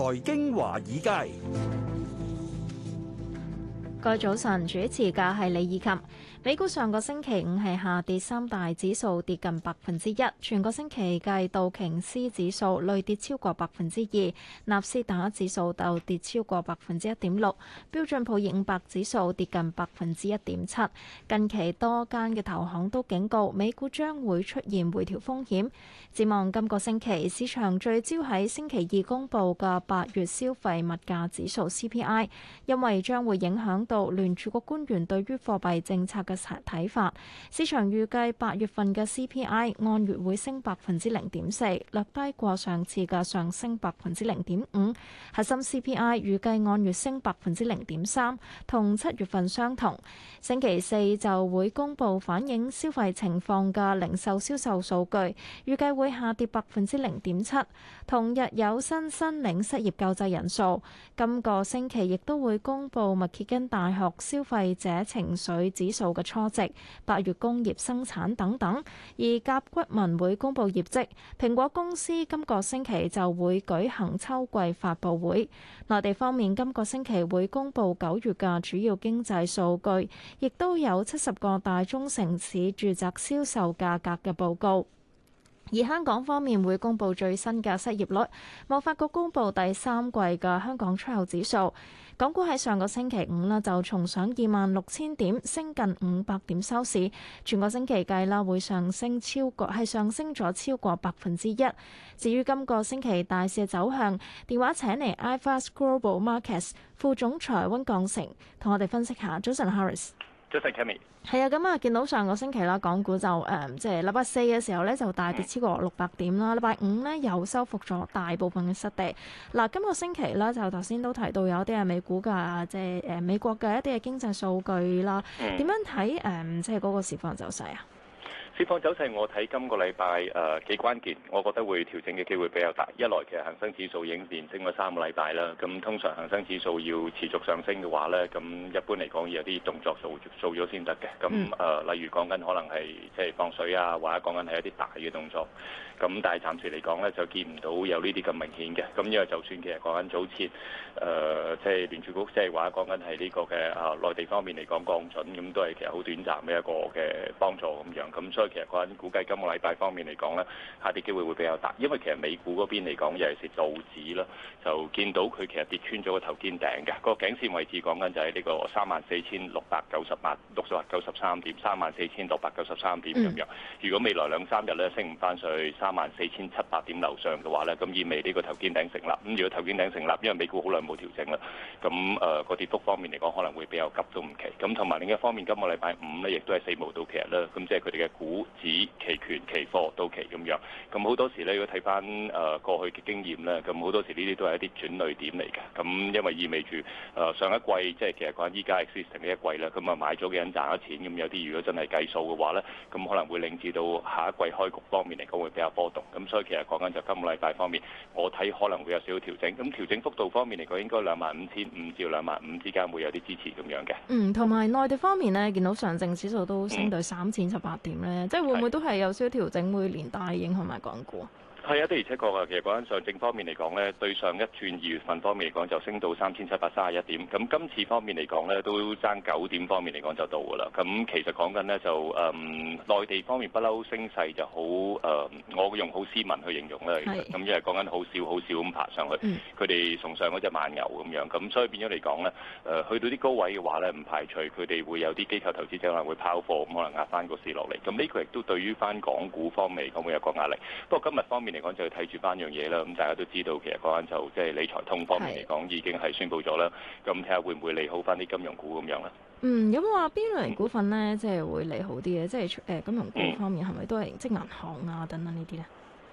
財經華爾街。個早晨主持嘅係李以琴。美股上個星期五係下跌，三大指數跌近百分之一。全個星期計，道瓊斯指數累跌超過百分之二，納斯達指數就跌超過百分之一點六，標準普爾五百指數跌近百分之一點七。近期多間嘅投行都警告美股將會出現回調風險。展望今個星期，市場聚焦喺星期二公佈嘅八月消費物價指數 CPI，因為將會影響到聯儲局官員對於貨幣政策嘅睇法，市場預計八月份嘅 CPI 按月會升百分之零點四，略低過上次嘅上升百分之零點五。核心 CPI 預計按月升百分之零點三，同七月份相同。星期四就會公佈反映消費情況嘅零售銷售數據，預計會下跌百分之零點七。同日有新申領失業救濟人數。今個星期亦都會公佈密歇根大學消費者情緒指數初值，八月工業生產等等，而甲骨文會公布業績，蘋果公司今個星期就會舉行秋季發布會。內地方面，今個星期會公布九月嘅主要經濟數據，亦都有七十個大中城市住宅銷售價格嘅報告。而香港方面會公布最新嘅失業率，貿發局公布第三季嘅香港出口指數。港股喺上個星期五啦，就重上二萬六千點，升近五百點收市。全個星期計啦，會上升超過係上升咗超過百分之一。至於今個星期大市嘅走向，電話請嚟 iFAST Global Markets 副總裁温鋼成同我哋分析下。早晨，哈瑞斯。j u 係啊，咁啊見到上個星期啦，港股就誒、嗯，即係禮拜四嘅時候咧，就大跌超過六百點啦。禮拜五咧又收復咗大部分嘅失地。嗱、啊，今個星期咧就頭先都提到有啲係美股㗎，即係誒美國嘅一啲嘅經濟數據啦。點、嗯、樣睇誒、嗯，即係嗰個市況走勢啊？跌況走勢，我睇今個禮拜誒幾、呃、關鍵，我覺得會調整嘅機會比較大。一來其實恒生指數已經連升咗三個禮拜啦，咁通常恒生指數要持續上升嘅話咧，咁一般嚟講要有啲動作做做咗先得嘅。咁誒、呃，例如講緊可能係即係放水啊，或者講緊係一啲大嘅動作。咁但係暫時嚟講咧，就見唔到有呢啲咁明顯嘅。咁因為就算其實講緊早前誒、呃、即係聯儲局，即係或者講緊係呢個嘅啊內地方面嚟講降準，咁都係其實好短暫嘅一個嘅幫助咁樣。咁所以其實個人估計今個禮拜方面嚟講咧，下跌機會會比較大，因為其實美股嗰邊嚟講尤其係道指啦，就見到佢其實跌穿咗個頭肩頂嘅、嗰個頸線位置，講緊就係呢個三萬四千六百九十八六百九十三點，三萬四千六百九十三點咁樣。如果未來兩三日咧升唔返上去三萬四千七百點樓上嘅話咧，咁意味呢個頭肩頂成立。咁如果頭肩頂成立，因為美股好耐冇調整啦，咁誒個跌幅方面嚟講可能會比較急都唔奇。咁同埋另一方面，今個禮拜五咧亦都係四毛到期日咧，咁即係佢哋嘅股。股指、期權、期貨到期咁樣，咁好多時咧，如果睇翻誒過去嘅經驗咧，咁好多時呢啲都係一啲轉捩點嚟嘅，咁因為意味住誒、呃、上一季即係其實講緊依家 existing 呢一季咧，咁啊買咗嘅人賺咗錢，咁有啲如果真係計數嘅話咧，咁可能會令至到下一季開局方面嚟講會比較波動，咁所以其實講緊就今個禮拜方面，我睇可能會有少少調整，咁調整幅度方面嚟講應該兩萬五千五至兩萬五之間會有啲支持咁樣嘅。嗯，同埋內地方面呢，見到上證指數都升到三千十八點咧。嗯即係會唔會都係有少少調整？每年帶影響同埋港股。係啊，的而且確啊，其實講緊上證方面嚟講咧，對上一轉二月份方面嚟講就升到三千七百三十一點，咁今次方面嚟講咧都爭九點方面嚟講就到㗎啦。咁其實講緊咧就誒、嗯、內地方面不嬲升勢就好誒、嗯，我用好斯文去形容啦，其實咁因為講緊好少好少咁爬上去，佢哋崇尚嗰隻慢牛咁樣，咁所以變咗嚟講咧，誒去到啲高位嘅話咧，唔排除佢哋會有啲機構投資者可能會跑貨，咁可能壓翻個市落嚟。咁呢個亦都對於翻港股方面咁會有個壓力。不過今日方面，嚟講就要睇住翻樣嘢啦，咁大家都知道其實嗰晚就即係、就是、理財通方面嚟講已經係宣佈咗啦，咁睇下會唔會利好翻啲金融股咁樣咧？嗯，有冇話邊類股份咧、嗯，即係會利好啲嘅，即係誒金融股方面係咪都係、嗯、即銀行啊等等呢啲咧？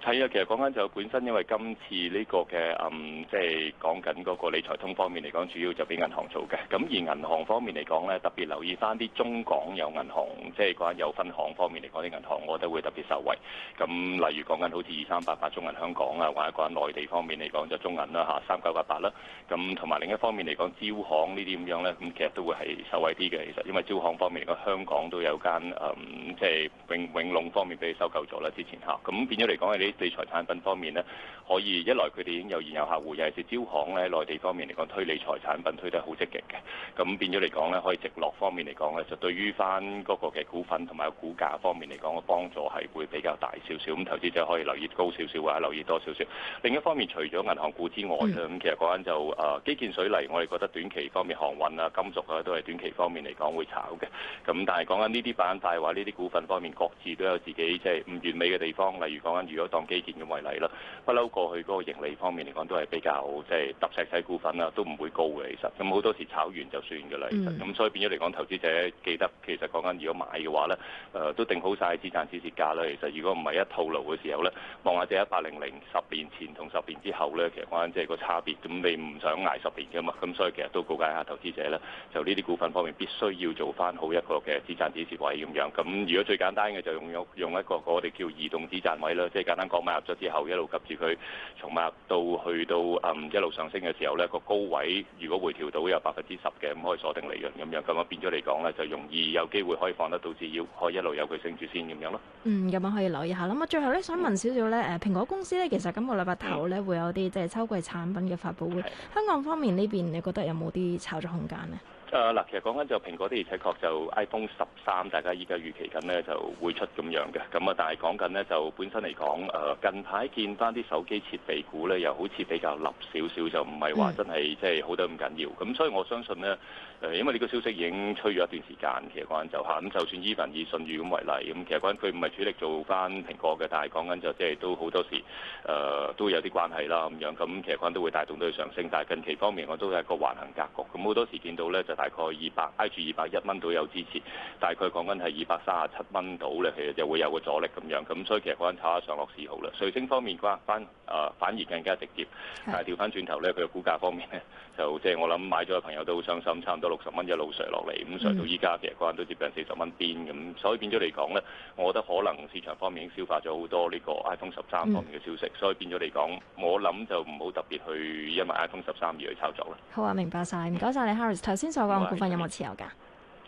係啊，其實講緊就本身因為今次呢個嘅嗯，即係講緊嗰個理財通方面嚟講，主要就俾銀行做嘅。咁而銀行方面嚟講咧，特別留意翻啲中港有銀行，即係講有分行方面嚟講，啲銀行我覺得會特別受惠。咁例如講緊好似二三八八中銀香港啊，或者講緊內地方面嚟講就中銀啦嚇，三九八八啦。咁同埋另一方面嚟講，招行這這呢啲咁樣咧，咁其實都會係受惠啲嘅。其實因為招行方面嚟講，香港都有間嗯，即係永永隆方面俾佢收購咗啦之前嚇。咁變咗嚟講理財產品方面呢，可以一來佢哋已經有現有客戶，二係招行咧，內地方面嚟講推理財產品推得好積極嘅，咁變咗嚟講咧，可以直落方面嚟講咧，就對於翻嗰個嘅股份同埋股價方面嚟講嘅幫助係會比較大少少。咁投資者可以留意高少少或者留意多少少。另一方面，除咗銀行股之外咧，咁的其實講緊就誒基建水泥，我哋覺得短期方面航運啊、金屬啊都係短期方面嚟講會炒嘅。咁但係講緊呢啲板塊話呢啲股份方面各自都有自己即係唔完美嘅地方，例如講緊如果當基建咁為例啦，不嬲過去嗰個盈利方面嚟講都係比較即係揼石仔股份啦，都唔會高嘅。其實咁好多時炒完就算嘅啦。咁所以變咗嚟講，投資者記得其實講緊如果買嘅話咧，誒都定好晒資產配置架啦。其實如果唔係一套路嘅時候咧，望下即係一百零零十年前同十年之後咧，其實講緊即係個差別。咁你唔想捱十年嘅嘛？咁所以其實都告誡下投資者咧，就呢啲股份方面必須要做翻好一個嘅資產配置位咁樣。咁如果最簡單嘅就用用一個我哋叫移動資產位啦，即係簡單。講買入咗之後，一路及住佢從買入到去到嗯一路上升嘅時候咧，個高位如果回調到有百分之十嘅，咁可以鎖定利潤咁樣，咁啊變咗嚟講咧，就容易有機會可以放得到至，要可以一路有佢升住先咁樣咯。嗯，咁啊可以留意下咁啊，最後咧想問少少咧，誒蘋果公司咧，其實今個禮拜頭咧會有啲即係秋季產品嘅發布會，香港方面呢邊你覺得有冇啲炒作空間咧？誒嗱、呃，其實講緊就蘋果的而且確就 iPhone 十三，大家依家預期緊咧就會出咁樣嘅。咁啊，但係講緊咧就本身嚟講，誒、呃、近排見翻啲手機設備股咧，又好似比較立少少，就唔係話真係即係好得咁緊要。咁所以我相信咧。誒，因為呢個消息已經吹咗一段時間，其實關就嚇咁，就算依份以信譽咁為例，咁其實關佢唔係主力做翻蘋果嘅，但係講緊就即係都好多時誒、呃，都有啲關係啦咁樣。咁其實關都會帶動到去上升，但係近期方面我都係一個橫行格局。咁好多時見到咧，就大概二百、挨住二百一蚊到有支持，大概講緊係二百三十七蚊到咧，其實就會有個阻力咁樣。咁所以其實關炒下上落市好啦。瑞星方面關翻誒反而更加直接，但係調翻轉頭咧，佢嘅股價方面咧就即係我諗買咗嘅朋友都好傷心，差唔多六十蚊一路上落嚟，咁上到依家嘅關都接近四十蚊邊咁，所以變咗嚟講咧，我覺得可能市場方面已經消化咗好多呢個 iPhone 十三方面嘅消息，所以變咗嚟講，我諗就唔好特別去因為 iPhone 十三而去炒作啦。好啊，明白曬，唔該曬你，Harris。頭先所講嘅股份有冇持有㗎？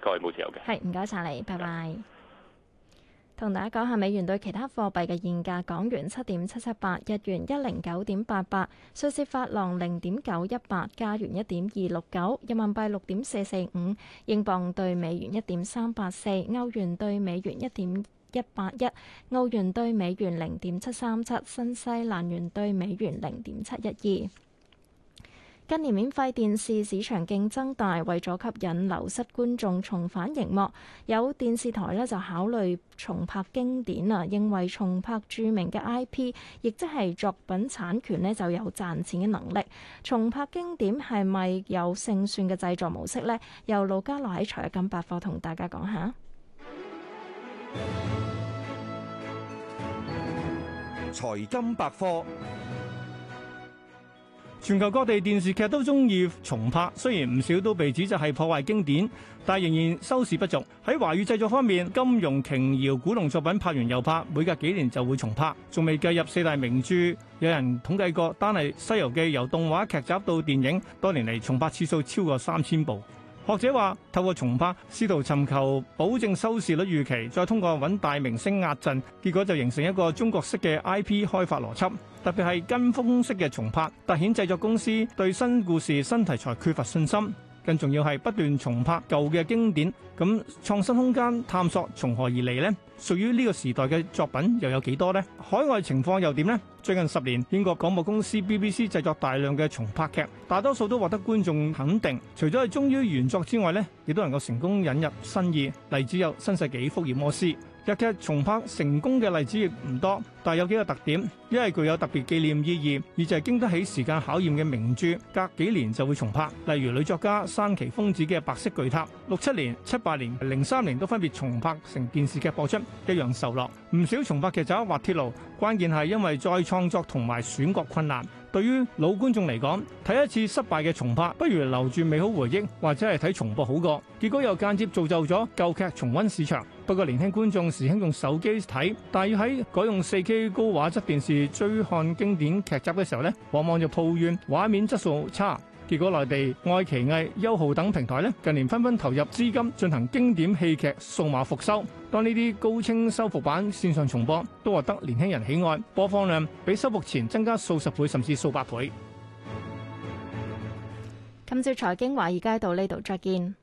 佢冇持有嘅。係，唔該曬你，拜拜。同大家講下美元對其他貨幣嘅現價：港元七點七七八，日元一零九點八八，瑞士法郎零點九一八，加元一點二六九，人民幣六點四四五，英鎊對美元一點三八四，歐元對美元一點一八一，澳元對美元零點七三七，新西蘭元對美元零點七一二。近年免費電視市場競爭大，為咗吸引流失觀眾重返熒幕，有電視台呢就考慮重拍經典啊。認為重拍著名嘅 IP，亦即係作品產權呢就有賺錢嘅能力。重拍經典係咪有勝算嘅製作模式呢？由盧嘉樂喺財金百科同大家講下。財金百科。全球各地電視劇都中意重拍，雖然唔少都被指責係破壞經典，但仍然收視不足。喺華語製作方面，金庸、瓊瑤、古龍作品拍完又拍，每隔幾年就會重拍。仲未計入四大名著，有人統計過，單係《西遊記》由動畫劇集到電影，多年嚟重拍次數超過三千部。學者話，透過重拍試圖尋求保證收視率預期，再通過揾大明星壓陣，結果就形成一個中國式嘅 IP 開發邏輯。特別係跟風式嘅重拍，突顯製作公司對新故事、新題材缺乏信心。更重要係不斷重拍舊嘅經典，咁創新空間探索從何而嚟呢？屬於呢個時代嘅作品又有幾多呢？海外情況又點呢？最近十年，英國廣播公司 BBC 製作大量嘅重拍劇，大多數都獲得觀眾肯定。除咗係忠於原作之外，呢亦都能夠成功引入新意。例子有《新世紀福爾摩斯》。日劇重拍成功嘅例子亦唔多，但有幾個特點：一係具有特別紀念意義，二就係經得起時間考驗嘅名著，隔幾年就會重拍。例如女作家山崎豐子嘅《白色巨塔》，六七年、七八年、零三年都分別重拍成電視劇播出，一樣受落。唔少重拍劇就喺滑鐵路。關鍵係因為再創作同埋選角困難，對於老觀眾嚟講，睇一次失敗嘅重拍，不如留住美好回憶或者係睇重播好過。結果又間接造就咗舊劇重溫市場。不過年輕觀眾時興用手機睇，但要喺改用 4K 高畫質電視追看經典劇集嘅時候咧，往往就抱怨畫面質素差。結果，內地愛奇藝、優酷等平台咧，近年紛紛投入資金進行經典戲劇數碼復修。當呢啲高清修復版線上重播，都獲得年輕人喜愛，播放量比修復前增加數十倍甚至數百倍。今朝財經華爾街到呢度再見。